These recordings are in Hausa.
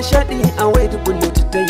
nishadi a wayar bullet ta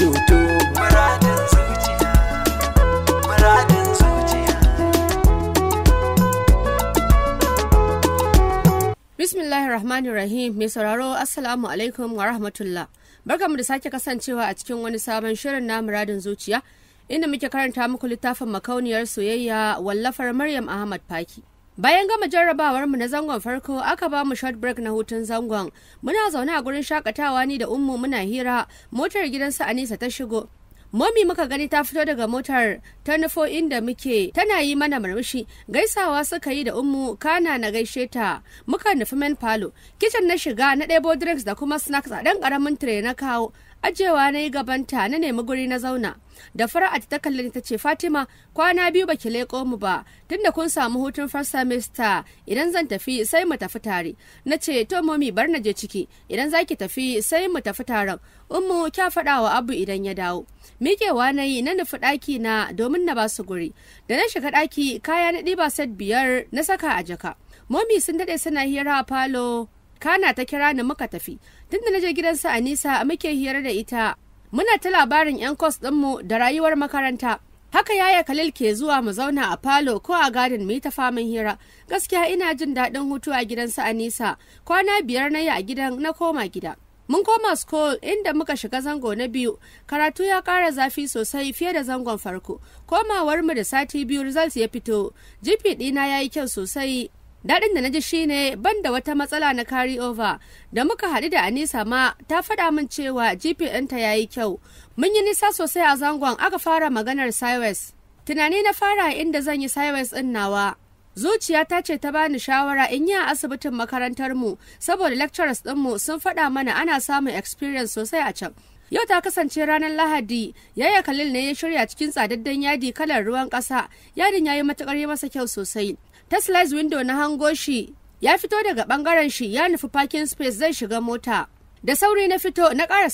mai sauraro Assalamu alaikum wa rahmatullah. Barkamu da sake kasancewa a cikin wani sabon shirin na muradin zuciya. Inda muke karanta muku littafin makauniyar soyayya wallafar Maryam Ahmad Faki. Bayan gama jarrabawar mu na zangon farko aka ba mu short break na hutun zangon. Muna zaune a gurin shakatawa ni da ummu muna hira motar gidan su Anisa ta shigo. Momi muka gani ta fito daga motar ta nufo inda muke tana yi mana murmushi gaisawa suka yi da ummu kana na gaishe ta muka nufi men palo kitchen na shiga na ɗebo drinks da kuma snacks a ɗan ƙaramin tire na kawo ajewa na yi gabanta na nemi guri na zauna da fara'at ta kalli ta ce fatima kwana biyu baki leko mu ba tunda kun samu hutun first semester idan zan tafi sai mu tafi tare na ce to momi bar na je ciki idan zaki tafi sai mu tafi taron ummu kya faɗa wa abu idan ya dawo miƙewa na yi na nufi ɗaki na domin na basu guri da na shiga ɗaki kaya na ɗiba set biyar na saka a jaka momi sun daɗe suna hira a falo kana ta kira ni muka tafi Tunda naje gidan su anisa muke hira da ita muna ta labarin yan kwas ɗinmu da rayuwar makaranta haka yaya khalil ke zuwa mu zauna a falo ko a gadin mu yi ta famin hira gaskiya ina jin daɗin hutu a gidan su anisa kwana biyar na yi a gidan na koma gida mun koma school inda muka shiga zango na biyu karatu ya kara zafi sosai fiye da zangon farko komawar mu da sati biyu results ya fito jipi ɗina ya yi kyau sosai daɗin da na ji shine ban da wata matsala na carry over da muka haɗu da anisa ma ta faɗa min cewa gpn ta yayi kyau mun yi nisa sosai a zangon aka fara maganar cyrus tunani na fara inda zan yi cyrus ɗin nawa zuciya ta ce ta bani shawara in yi a asibitin makarantar mu saboda lecturers ɗinmu sun faɗa mana ana samun experience sosai a can Yau ta kasance ranar Lahadi, yaya Khalil ne ya shirya cikin tsadaddan yadi kalar ruwan ƙasa, yadin ya yi matukar yi masa kyau sosai. Ta slice window na hango shi, ya fito daga ɓangaren shi ya nufi parking space zai shiga mota. Da sauri na fito na ƙara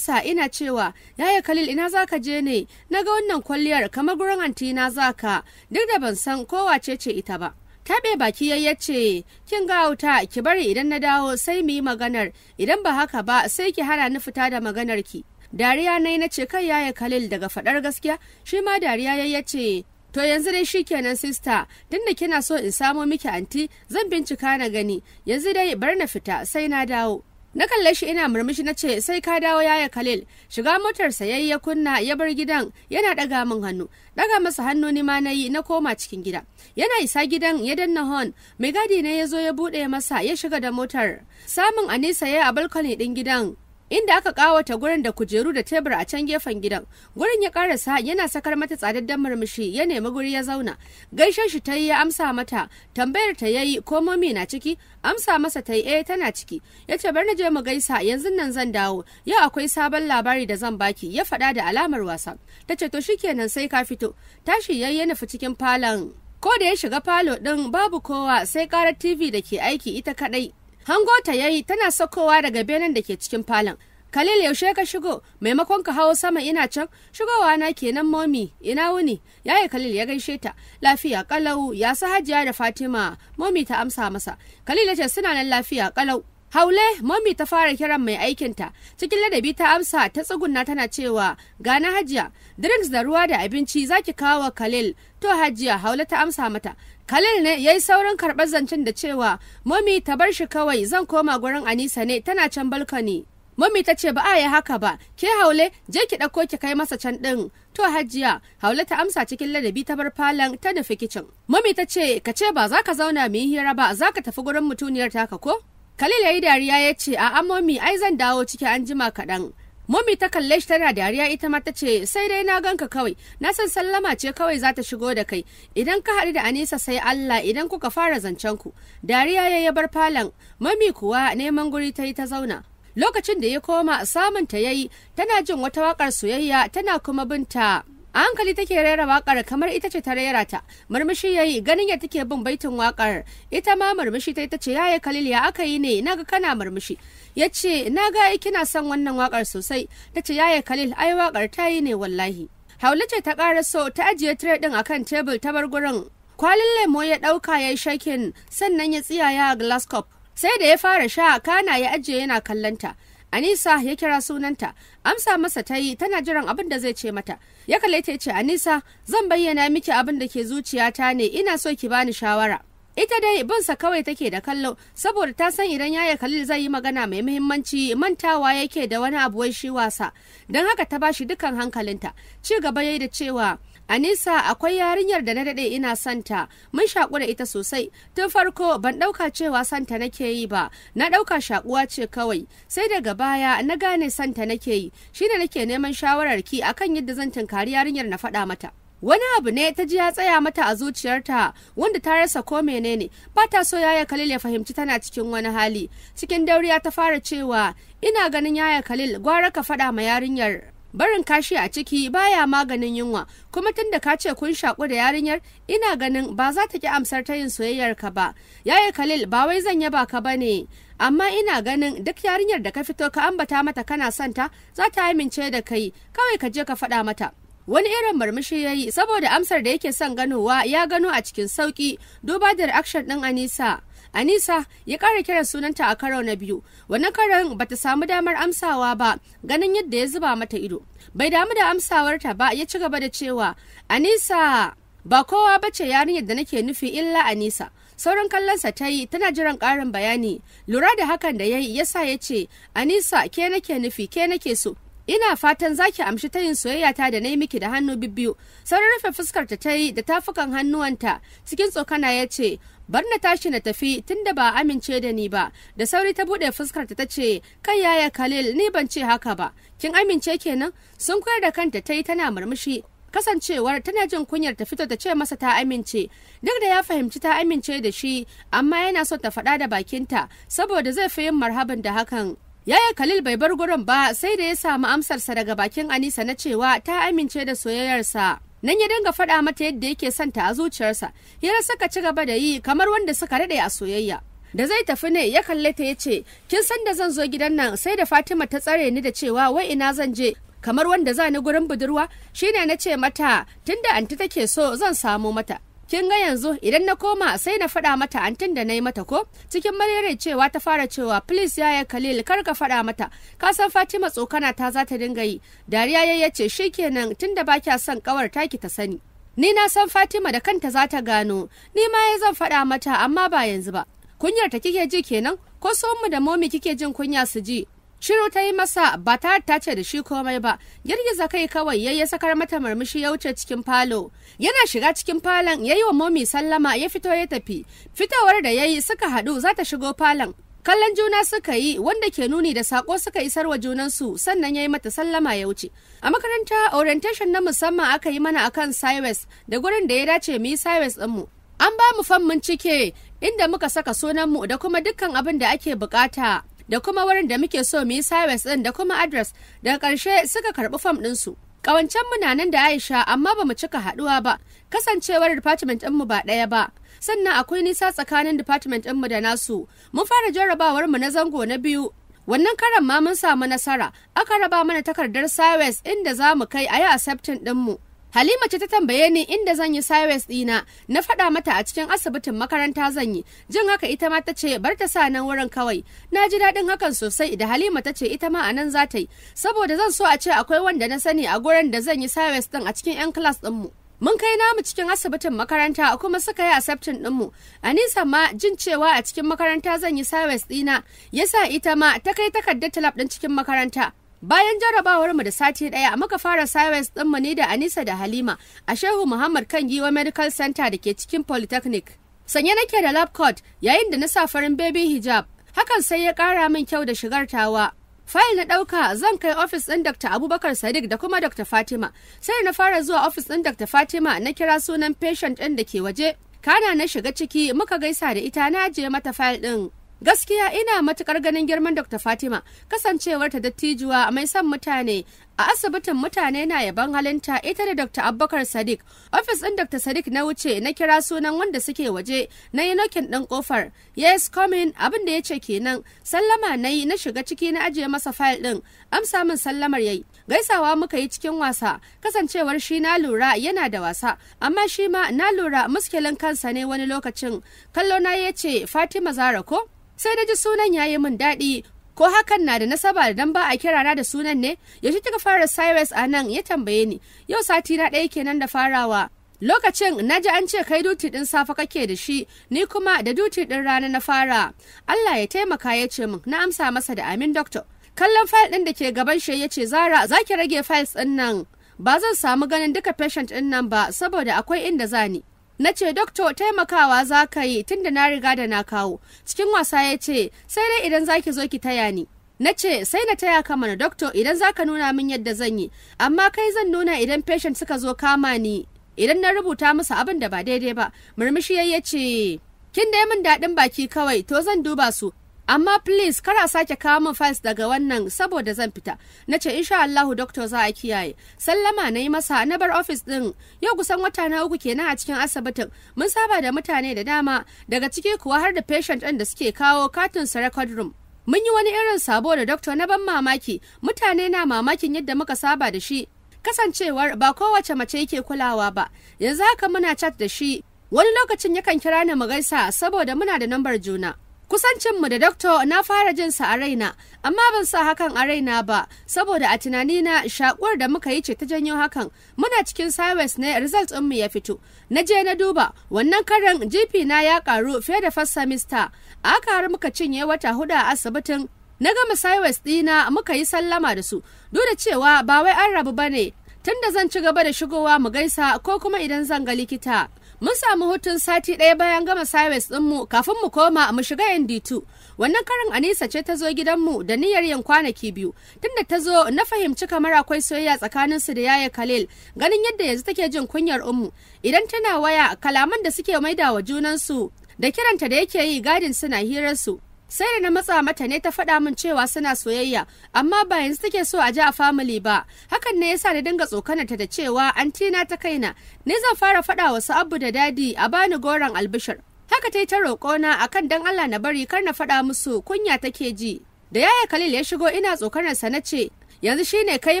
sa ina cewa yaya Khalil ina zaka je ne na ga wannan kwalliyar kamar gurin anti na zaka duk da ban san kowace ce ita ba. taɓe baki ya ce kin ga auta ki bari idan na dawo sai mu yi maganar idan ba haka ba sai ki hana ni fita da maganar ki dariya na na ce kai yaya kalil daga faɗar gaskiya shi ma dariya ya ce to yanzu dai shi kenan sista tun da kina so in samo miki anti zan bincika na gani yanzu dai bar na fita sai na dawo na kalle shi ina murmushi na ce sai ka dawo yaya khalil shiga motarsa yayi ya kunna ya bar gidan yana daga min hannu daga masa hannu ni ma na yi na koma cikin gida yana isa gidan ya danna hon mai gadi ne ya zo ya bude masa ya shiga da motar samun anisa ya a balkoni din gidan inda aka kawata gurin da kujeru da tebur a can gefen gidan gurin ya karasa yana sakar mata tsadaddan murmushi ya nemi guri ya zauna gaishe shi ta yi ya amsa mata tambayar ta yayi ko mami na ciki amsa masa ta yi eh tana ciki ya ce bar na je mu gaisa yanzu nan zan dawo yau akwai sabon labari da zan baki ya faɗa da alamar wasa ta ce to shikenan sai ka fito tashi yayi ya nufi cikin falon ko da ya shiga falo din babu kowa sai karar tv da ke aiki ita kadai hango ta yayi tana sakowa daga benen da ke cikin falon Kalil yaushe ka shigo maimakon ka hawo sama ina can shigowa na kenan momi ina wuni yaye Kalil ya gaishe ta lafiya kalau ya sa hajiya da Fatima momi ta amsa masa Khalil ya ce suna nan lafiya kalau Haule momi ta fara kiran mai aikinta cikin ladabi ta amsa ta tsugunna tana cewa gana hajiya drinks da ruwa da abinci zaki kawo Kalil? to hajiya Haule ta amsa mata Khalil ne ya yi saurin karɓar zancen da cewa Mami ta bar shi kawai zan koma gurin Anisa ne tana can balkoni. Mami ta ce ba a yi haka ba, ke haule je ki ɗauko ki kai masa can ɗin. To hajiya, haule ta amsa cikin ladabi ta bar falon ta nufi kicin. Mami ta ce ka ce ba za ka zauna mu yi hira ba za ka tafi gurin mutuniyar taka ko? Khalil ya yi dariya ya ce a'a mami ai zan dawo ciki an jima kaɗan. mummy ta kalle shi tana dariya ita ma ta ce sai dai na ganka kawai na san sallama ce kawai za ta shigo da kai idan ka haɗu da Anisa sai Allah idan kuka fara zancen ku dariya ya bar falon mummy kuwa neman guri ta yi ta zauna lokacin da ya koma samun ta yayi tana jin wata wakar soyayya tana kuma binta a hankali take rera wakar kamar ita ce ta rera ta murmushi yayi ganin ya take bin baitin wakar ita ma murmushi ta ita ce yaya Khalil ya aka yi ne naga kana murmushi ya ce na ga kina son wannan wakar sosai ta ce yaya khalil ai wakar ta yi ne wallahi haula ce ta ƙara so ta ajiye tire ɗin kan tebul ta bar gurin kwalin lemo ya ɗauka ya yi shakin sannan ya tsiyaya a glasgow sai da ya fara sha kana ya ajiye yana kallonta Anisa ya kira sunanta, amsa masa ta yi tana jiran abin da zai ce mata. Ya kalle ta ce, Anisa, zan bayyana miki abin da ke zuciyata ne, ina so ki bani shawara. ita dai binsa kawai take da kallo saboda ta san idan yaya khalil zai yi magana mai muhimmanci mantawa yake da wani abu wai shi wasa don haka ta bashi dukan hankalinta ci gaba yayi da cewa Anisa akwai yarinyar da na daɗe ina santa mun shaƙu da ita sosai tun farko ban ɗauka cewa santa nake yi ba na ɗauka shaƙuwa ce kawai sai daga baya na gane santa nake yi shine nake neman shawarar ki akan yadda zan tunkari yarinyar na faɗa mata. wani abu ne ta ji ya tsaya mata a zuciyarta wanda ta rasa ko menene ba ta so yaya Khalil ya fahimci tana cikin wani hali cikin dauriya ta fara cewa ina ganin yaya Khalil gwara ka faɗa ma yarinyar barin kashi a ciki baya maganin yunwa kuma tun da ka ce kun shaku da yarinyar ina ganin ba za ta ki amsar ta yin soyayyar ka ba yaya Khalil ba wai zan yaba ka ne. amma ina ganin duk yarinyar da ka fito ka ambata mata kana son za ta amince da kai kawai ka je ka faɗa mata wani irin murmushi ya yi saboda amsar da yake son ganowa ya gano a cikin sauki duba da reaction din anisa anisa ya ƙara kira sunanta a karo na biyu wani karon ta samu damar amsawa ba ganin yadda ya zuba mata ido bai damu da amsawarta ba ya ci gaba da cewa anisa ba kowa bace yarinyar da nake nufi illa anisa sauran kallonsa ta yi tana jiran ƙarin bayani lura da hakan da ya yi ya sa ya ce anisa ke nake nufi ke nake so ina fatan zaki amshi tayin soyayya ta da na yi miki da hannu bibbiyu saurin rufe fuskar ta ta yi da tafukan hannuwanta cikin tsokana ya ce bar na tashi na tafi tunda ba amince da ni ba da sauri ta buɗe fuskar ta ce kai yaya khalil ni ban ce haka ba kin amince kenan sun koyar da kanta ta yi tana murmushi kasancewar tana jin kunyar ta fito ta ce masa ta amince duk da ya fahimci ta amince da shi amma yana so ta faɗa da bakinta saboda zai fi yin marhaban da hakan Yaya Khalil bai bar gurin ba sai da ya samu amsarsa daga bakin Anisa na cewa ta amince da soyayyarsa. Nan ya dinga faɗa mata yadda yake son ta a zuciyarsa, hira saka ci gaba da yi kamar wanda suka daɗe a soyayya. Da zai tafi ne ya kalle ta ya ce, Kin san da zan zo gidan nan sai da Fatima ta tsare ni da cewa wai ina zan je, kamar wanda za ni gurin budurwa, shine na ce mata tunda anti take so zan samo mata. kin ga yanzu idan na koma sai na faɗa mata antin da na yi mata ko cikin marere cewa ta fara cewa please yi khalil kar ka faɗa mata ka san fatima tsokana ta za ta dinga yi dariya ya shi kenan tunda ba kya son kawar taki ta sani ni na san fatima da kanta za ta gano ni ma ya zan faɗa mata amma ba yanzu ba kunyar ta kike ji kenan ko mu da momi kike jin kunya su ji Shiru ta yi masa ba ta tace da shi komai ba, girgiza kai kawai ya sakar mata murmushi ya wuce cikin falo. Yana shiga cikin falon ya yi wa momi sallama ya fito ya tafi. Fitowar da ya yi suka haɗu za ta shigo falon. Kallon juna suka yi wanda ke nuni da sako suka isar wa junansu sannan ya yi mata sallama ya wuce. A makaranta orientation na musamman aka yi mana akan Cyrus da gurin da ya dace mu yi Cyrus ɗinmu. An ba mu fan mun cike inda muka saka sunanmu da kuma dukkan abin da ake bukata. da kuma wurin da muke so mu yi service din da kuma adres daga ƙarshe suka karɓi fam ɗinsu. Ƙawancen mu na nan da Aisha amma ba mu cika haɗuwa ba kasancewar department ɗinmu ba ɗaya ba. Sannan akwai nisa tsakanin department ɗinmu da nasu. Mun fara jarrabawar mu na zango na biyu wannan karan ma mun samu nasara aka raba mana takardar sawes inda za mu kai a yi accepting ɗinmu Halima ce ta tambaye ni inda zan yi Cyrus ɗina, na faɗa mata a cikin asibitin makaranta zan yi, jin haka ita ma ta ce bar ta sa nan wurin kawai. Na ji daɗin hakan sosai da Halima ta ce ita ma a nan za ta yi, saboda zan so a ce akwai wanda na sani a gurin da zan yi Cyrus ɗin a cikin 'yan kilas ɗinmu. Mun kai namu cikin asibitin makaranta kuma suka yi asabtin ɗinmu. Anisa ma jin cewa a cikin makaranta zan yi Cyrus ɗina, yasa ita ma ta kai takardar talab ɗin cikin makaranta. Bayan jarabawar mu da sati ɗaya muka fara science mu ne da Anisa da Halima a Shehu Muhammad kan Giwa Medical Center da ke cikin Polytechnic. Sanye nake da lab coat yayin da na sa farin baby hijab. Hakan sai ya kara min kyau da shigar tawa. Fayil na ɗauka zan kai ofis ɗin Dr. Abubakar Sadiq da kuma Dr. Fatima. Sai na fara zuwa ofis ɗin Dr. Fatima na kira sunan patient ɗin da ke waje. Kana na shiga ciki muka gaisa da ita na ajiye mata fayil ɗin. Gaskiya ina matukar ganin girman Dr. Fatima kasancewar ta dattijuwa mai son mutane a asibitin mutane na yaban halinta ita da Dr. Abubakar Sadiq. Ofis ɗin Dr. Sadiq na wuce na kira sunan wanda suke waje na yi nokin ɗin kofar. Yes coming abin da ya ce kenan sallama na yi na shiga ciki na ajiye masa fayil ɗin amsa min sallamar yayi. Gaisawa muka yi cikin wasa kasancewar shi na lura yana da wasa amma shi ma na lura muskilin kansa ne wani lokacin. Kallo na ya ce Fatima Zara ko? sai na ji sunan yayi min daɗi ko hakan na da nasaba da dan ba a kira na da sunan ne yaushe kika fara Cyrus a nan ya tambaye ni yau sati na ɗaya kenan da farawa lokacin na ji an ce kai duti ɗin safe kake da shi ni kuma da duti ɗin rana na fara Allah ya taimaka ya ce min na amsa masa da amin doctor kallon fayil ɗin da ke gaban shi ya ce zara zaki rage files ɗin nan ba zan samu ganin duka patient ɗin nan ba saboda akwai inda zani na ce dokto taimakawa za ka yi tunda na riga da na kawo cikin wasa ya ce sai dai idan za ki zo ki taya ni na ce sai na taya ka mana dokto idan za ka nuna min yadda zan yi amma kai zan nuna idan patient suka zo kama ni idan na rubuta musu abin da ba daidai ba murmushi ya ce kin dai min daɗin baki kawai to zan duba su amma please kara sake kawo min files daga wannan saboda zan fita na ce insha Allahu doctor za a kiyaye sallama na yi masa na bar office din yau kusan wata na uku kenan a cikin asibitin mun saba da mutane da dama daga ciki kuwa har da patient din da suke kawo katin su record room mun yi wani irin sabo da doctor na ban mamaki mutane na mamakin yadda muka saba da shi kasancewar ba kowace mace yake kulawa ba yanzu haka muna chat da shi wani lokacin yakan kira ni mu gaisa saboda muna da nambar juna kusancinmu da doktor na fara jin sa a raina amma ban sa hakan a raina ba saboda a tunani na shakuwar da muka yi ce ta janyo hakan muna cikin cyrus ne result mu ya fito na je na duba wannan karan gp na ya karu fiye da first semester a har muka cinye wata hudu a asibitin na gama sawes dina muka yi sallama da su duk da cewa ba wai an rabu bane tunda zan ci gaba da shigowa mu gaisa ko kuma idan zan ga likita mun samu hutun sati ɗaya bayan gama service ɗinmu kafin mu koma mu shiga ND2. Wannan karin Anisa ce ta zo gidanmu da niyyar yin kwanaki biyu. Tunda ta zo na fahimci kamar akwai soyayya tsakanin su da yaya Khalil, ganin yadda yanzu take jin kunyar ummu. Idan tana waya kalaman da suke maida wa junansu da kiranta da yake yi gadin suna hirar su sai da na matsa mata ne ta faɗa min cewa suna soyayya amma ba yanzu take so a ji a family ba hakan ne yasa da dinga tsokanarta da cewa an tina ta kaina ne zan fara faɗa wa abu da dadi a bani goron albishir haka ta yi ta roƙona akan dan Allah na bari kar na faɗa musu kunya take ji da yaya Khalil ya shigo ina tsokanarsa na ce yanzu shine kai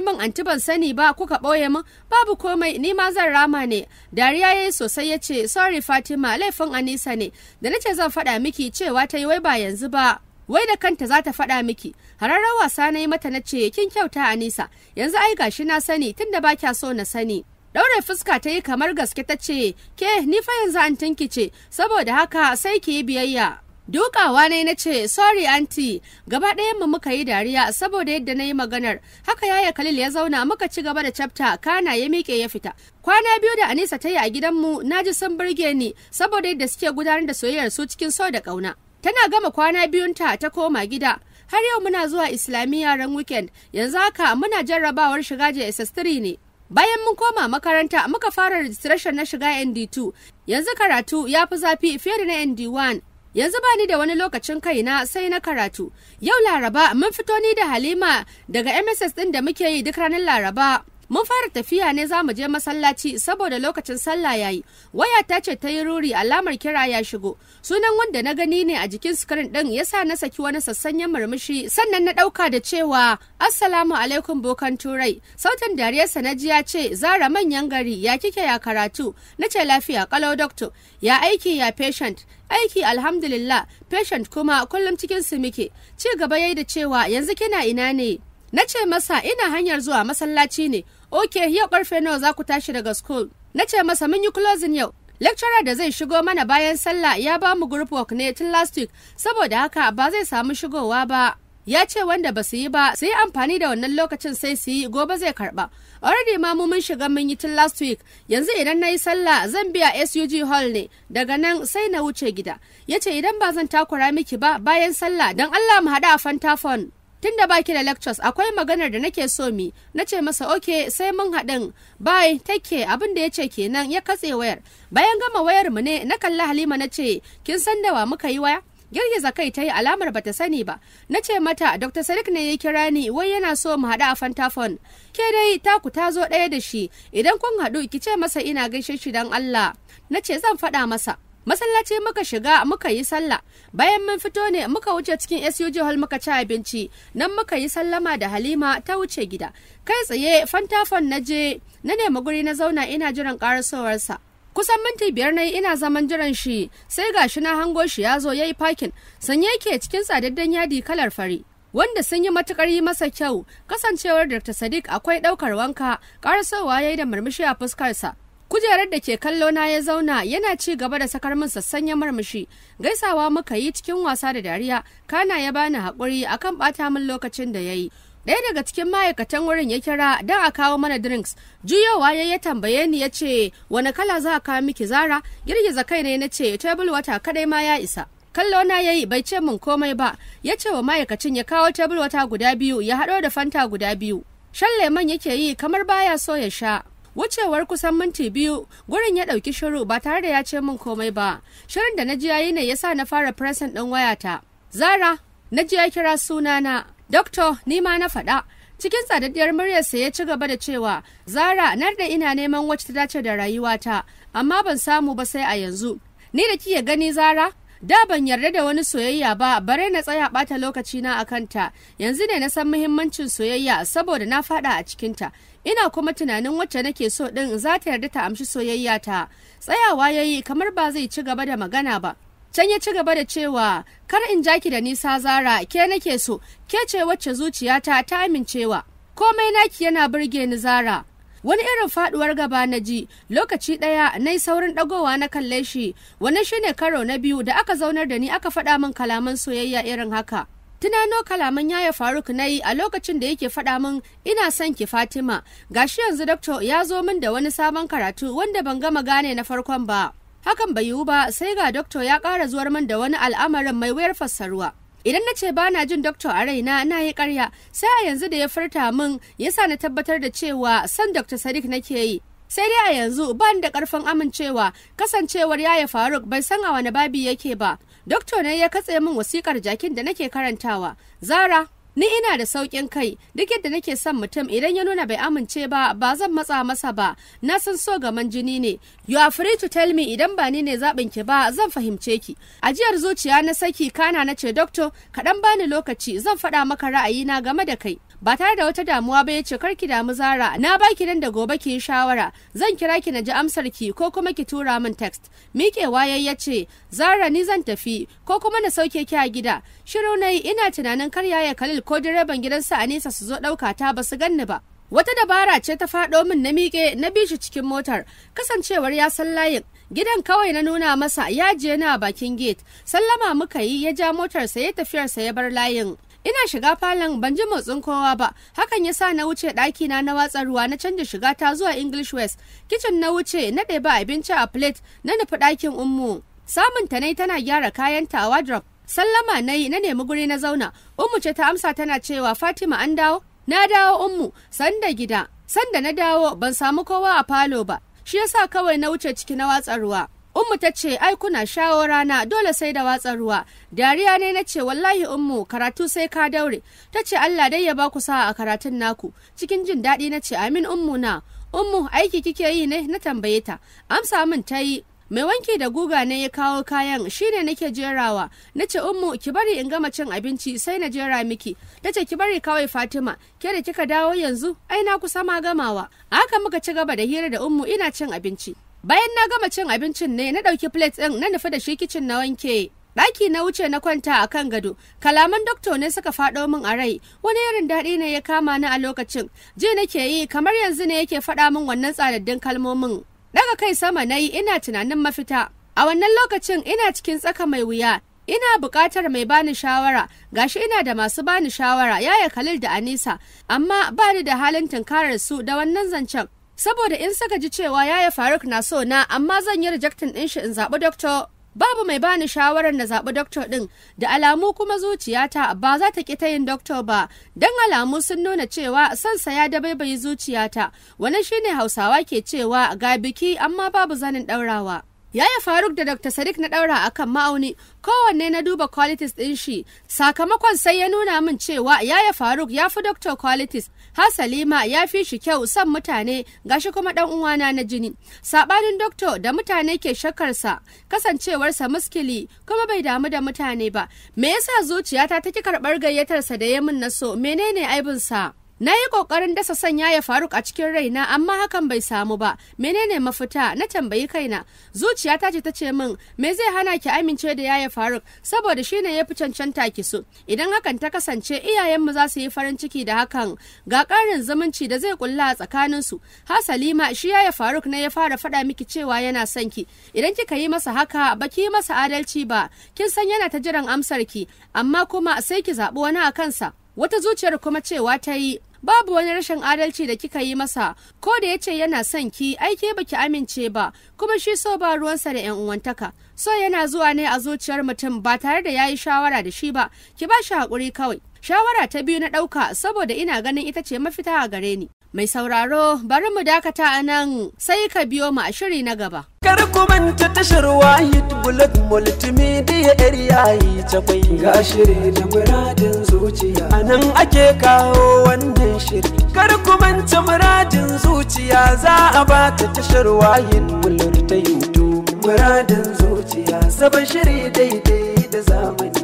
min anti ban sani ba kuka ɓoye min babu komai ni ma zan rama ne dariya yayi sosai ya ce sorry fatima laifin anisa ne da nace zan faɗa miki cewa ta yi wai ba yanzu ba wai da kanta za ta faɗa miki hararren wasa na yi mata na ce kin kyauta anisa yanzu ai gashi na sani tunda ba kya so na sani ɗaure fuska ta yi kamar gaske ta ce ke ni fa yanzu an tinkice saboda haka sai ki yi biyayya dukawa ne na ce sorry anti gaba ɗayan mu muka yi dariya saboda yadda na yi maganar haka yaya khalil ya zauna muka ci gaba da capta, kana ya miƙe ya fita kwana biyu da anisa ta yi a gidanmu na ji sun burge ni saboda yadda suke gudanar da soyayyar su cikin so da ƙauna tana gama kwana biyunta ta koma gida har yau muna zuwa islamiyya ran weekend yanzu haka muna jarrabawar shiga jss3 ne Bayan mun koma makaranta muka fara registration na shiga ND2, yanzu karatu ya fi zafi fiye da na ND1 yanzu bani da wani lokacin kaina sai na karatu yau laraba mun fito ni da halima daga mss din da muke yi duk ranar laraba mun fara tafiya ne za mu je masallaci saboda lokacin sallah yayi waya ta ce ta yi ruri alamar kira ya shigo sunan wanda na gani ne a jikin sikirin din sa na saki wani sassanyen murmushi sannan na ɗauka da cewa assalamu alaikum bokan turai sautin dariyarsa na jiya ce zara manyan gari ya kike ya karatu na ce lafiya kalau doctor ya aiki ya patient aiki alhamdulillah patient kuma kullum cikin su muke ci gaba yayi da cewa yanzu kina ina ne na ce masa ina hanyar zuwa masallaci ne ok yau karfe nawa za ku tashi daga school na ce masa mun yi closing yau lecturer da zai shigo mana bayan sallah ya ba mu group work ne tun last week saboda haka ba zai samu shigowa ba ya ce wanda ba su yi ba su yi amfani da wannan lokacin sai su yi gobe zai karba already ma mu mun shiga mun yi tun last week yanzu idan na yi sallah zan biya sug hall ne daga nan sai na wuce gida ya ce idan ba zan takura miki ba bayan sallah don allah mu haɗu a fantafon tun da baki da lectures akwai maganar da nake so mi na ce masa oke sai mun haɗin bai take abin da ya ce kenan ya katse wayar bayan gama wayar mu ne na kalla halima na ce kin san da wa muka yi waya girgiza kai ta yi alamar bata sani ba na ce mata dr sadiq ne ya kira ni wai yana so mu haɗu a fantafon ke dai taku ta zo ɗaya da shi idan kun haɗu ki ce masa ina gaishe shi don allah na ce zan faɗa masa masallaci muka shiga muka yi sallah bayan mun fito ne muka wuce cikin SUJ hall muka ci abinci nan muka yi sallama da Halima ta wuce gida kai tsaye fantafon na je na nemi guri na zauna ina jiran karasowarsa kusan minti biyar na ina zaman jiran shi sai gashi na hango shi ya zo ya yi fakin sanye ke cikin tsadaddan yadi kalar fari wanda sun yi matukar yi masa kyau kasancewar dr sadiq akwai daukar wanka karasowa ya yi da murmushi a fuskarsa kujerar da ke kallo na ya zauna yana ci gaba da sakar min sassan ya marmashi gaisawa muka yi cikin wasa da dariya kana ya bani haƙuri akan ɓata min lokacin da ya yi ɗaya daga cikin ma'aikatan wurin ya kira don a kawo mana drinks juyowa ya tambaye ni ya ce wani kala za a kawo miki zara girgiza kai ne na ce table wata kadai ma ya isa kallo na yayi bai ce min komai ba ya ce wa ma'aikacin ya kawo table wata guda biyu ya haɗo da fanta guda biyu shan lemon yake yi kamar baya so ya sha wucewar kusan minti biyu gurin ya ɗauki shiru ba tare da ya ce min komai ba shirin da na ji yayi ne yasa na fara presin ɗin wayata zara na ji ya kira sunana doctor ni ma na faɗa cikin tsadaddiyar muryarsa ya ci gaba da cewa zara na da ina neman wacce ta dace da rayuwata amma ban samu ba sai a yanzu ni da kiya gani zara da ban yarda da wani soyayya ba bare na tsaya bata lokaci na akan ta yanzu ne na san muhimmancin soyayya saboda na faɗa a cikin ta ina kuma tunanin wacce nake so din za ta yarda ta amshi soyayya ta tsayawa yayi kamar ba zai ci gaba da magana ba can ya ci gaba da cewa kar in jaki da nisa zara ke nake so ke ce wacce zuciyata ta amincewa komai naki yana burge ni zara wani irin faduwar gaba na ji lokaci ɗaya na yi saurin ɗagowa na kalle shi wani shine karo na biyu da aka zaunar da ni aka faɗa min kalaman soyayya irin haka tunano kalaman yaya faruk na yi a lokacin da yake faɗa min ina son ki fatima gashi yanzu doctor ya zo min da wani sabon karatu wanda ban gama gane na farkon ba hakan bai yiwu ba sai ga doctor ya ƙara zuwar min da wani al'amarin mai wayar fassaruwa idan na ce ba na jin doctor a raina na yi karya sai a yanzu da ya furta min ya sa na tabbatar da cewa san dr sadiq nake yi sai dai a yanzu ba ni da karfin amincewa kasancewar yaya faruk bai san a wani babi yake ba doktor ne ya katse min wasikar jakin da nake karantawa zara ni ina da sauƙin kai duk yadda nake son mutum idan ya nuna bai amince ba ba zan matsa masa ba na san so gaman jini ne you are free to tell me idan ba ni ne zaɓin ki ba zan fahimce ki ajiyar zuciya na saki kana na ce doctor kaɗan bani lokaci zan faɗa maka ra'ayi na game da kai ba tare da wata damuwa ba ya ce karki damu zara na baki nan da gobe ki shawara zan kira ki na ji amsar ki ko kuma ki tura min text mike waye ya ce zara ni zan tafi ko kuma na sauke ki a gida shiru na ina tunanin kar yaya kalil ko direban gidansa Anisa su zo ɗauka ta ba su ganni ba wata dabara ce ta faɗo min na miƙe na bi shi cikin motar kasancewar ya san layin gidan kawai na nuna masa ya je na bakin gate sallama muka yi ya ja motarsa ya tafiyarsa ya bar layin ina shiga falon ban ji motsin kowa ba hakan yasa na wuce ɗakina na watsa ruwa na canja shiga ta zuwa english west kicin na wuce na ɗeba abinci a plate na nufi ɗakin ummu samun ta nai tana gyara kayanta a wardrobe sallama na yi na nemi guri na zauna ummu ce ta amsa tana cewa fatima an dawo na dawo ummu sanda gida sanda na dawo ban samu kowa a falo ba shi yasa kawai na wuce ciki na watsa ruwa Ummu ta ce ai kuna shawo rana dole sai da watsa ruwa. Dariya ne na ce wallahi ummu karatu sai ka daure. Ta ce Allah dai ya baku sa a karatun naku. Cikin jin daɗi na ce amin ummu na. Ummu aiki kike yi ne na tambaye ta. Amsa min ta yi mai wanki da guga ne ya kawo kayan shine nake jerawa na ce ummu ki bari in gama cin abinci sai na jera miki ta ce ki bari kawai fatima ke da kika dawo yanzu ai na kusa ma gamawa "A haka muka ci gaba da hira da ummu ina cin abinci Bayan na gama cin abincin ne na ɗauki plate ɗin na nufi da shi kicin na wanke. ɗaki na wuce na kwanta a kan gado kalaman dokto ne suka faɗo min a rai wani irin daɗi ne ya kama ni a lokacin ji nake yi kamar yanzu ne yake faɗa min wannan tsadaddin kalmomin daga kai sama na yi ina tunanin mafita a wannan lokacin ina cikin tsaka mai wuya ina buƙatar mai bani shawara gashi ina da masu bani shawara yaya khalil da anisa amma bani da halin tunkarar su da wannan zancen saboda in saka ji cewa ya yaya faruk na so na amma zan yi rejectin din shi in zaɓi doctor babu mai bani shawarar na zaɓi doctor din. da alamu kuma zuciyata ba za ta ƙi yin doctor ba don alamu sun nuna cewa son saya da baibayi zuciyata wani shine hausawa ke cewa ga biki amma babu zanin ɗaurawa Yaya Faruk da Dr. Sadiq na ɗaura a kan ma'auni kowanne na duba qualities ɗin shi sakamakon sai ya nuna min cewa Yaya Faruk ya fi Dr. qualities Salima ya fi shi kyau son mutane gashi kuma ɗan uwana na jini. Saɓanin Dr. da mutane ke shakarsa kasancewarsa muskili kuma bai damu da mutane ba. Me yasa zuciyata take karɓar gayyatarsa da ya min na so menene aibinsa? Na yi ƙoƙarin dasa sanya ya faruk a cikin raina amma hakan bai samu ba. Menene mafita? Na tambayi kaina. Zuciyata ce ta ce min me zai hana ki amince da yaya faruk saboda shi ne ya fi cancanta ki so. Idan hakan ta kasance iyayenmu za su yi farin ciki da hakan ga ƙarin zumunci da zai kulla a tsakaninsu. Hasali ma shi yaya faruk na ya fara faɗa miki cewa yana son ki. Idan kika yi masa haka ba ki masa adalci ba. Kin san yana ta jiran amsar ki amma kuma sai ki zaɓi wani a kansa. Wata zuciyar kuma cewa ta yi babu wani rashin adalci da kika yi masa ko da yace yana son ki ai ke baki amince ba kuma shi so ba ruwansa da yan uwantaka so yana zuwa ne a zuciyar mutum ba tare da yayi shawara da shi ba ki ba shi hakuri kawai shawara ta biyu na ɗauka saboda ina ganin ita ce mafita a gare ni mai sauraro bari mu dakata a nan sai ka biyo mu a shiri na gaba Kar ku manta tashar Wahid Bullet Multimedia Area ta kwai. Ga shiri da muradin zuciya. A ake kawo wannan shiri. Kar ku manta muradin zuciya za a ba ta tashar Wahid Bullet ta YouTube. Muradin zuciya sabon shiri daidai da zamani.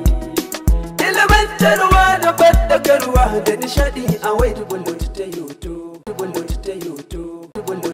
Ilimantarwa da fadakarwa da nishadi a Wahid Bullet ta YouTube.